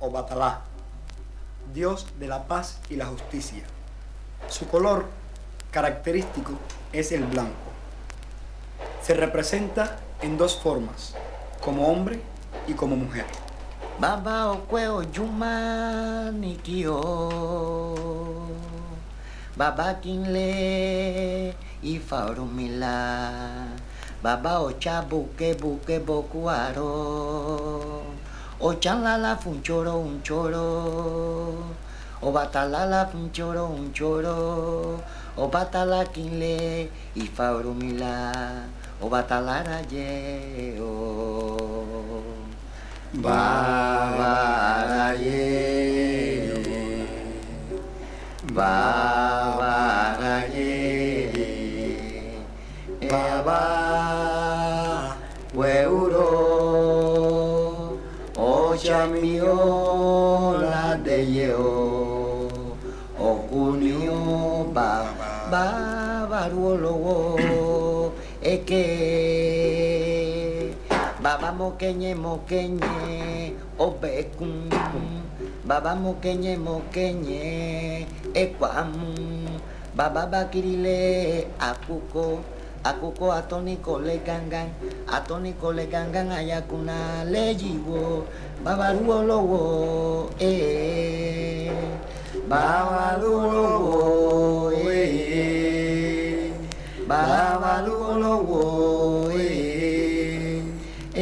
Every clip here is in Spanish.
o Batalá, dios de la paz y la justicia. Su color característico es el blanco. Se representa en dos formas, como hombre y como mujer. Baba o yuma Baba kinle y faurumila. Baba o chabuque buque o chalala un choro, un choro. O batalala fun choro, un choro. O batala quinle y faurumila. O batalara yeo. Baba yeo. Baba Baba chami o la de ye o o kuni o ba ba ba ruo lo o e ke ba ba mo ke nye mo ke nye o be kum ba ba mo ke nye mo ke nye e kwa mu ba ba ba kiri le a ku ko akoko atoniko le gangan atoniko le gangan ayakuna le yiwo babaru olowo ee babaru olowo ee babaru olowo ee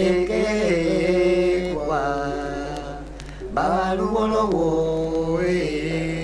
eke kwa babaru olowo eh.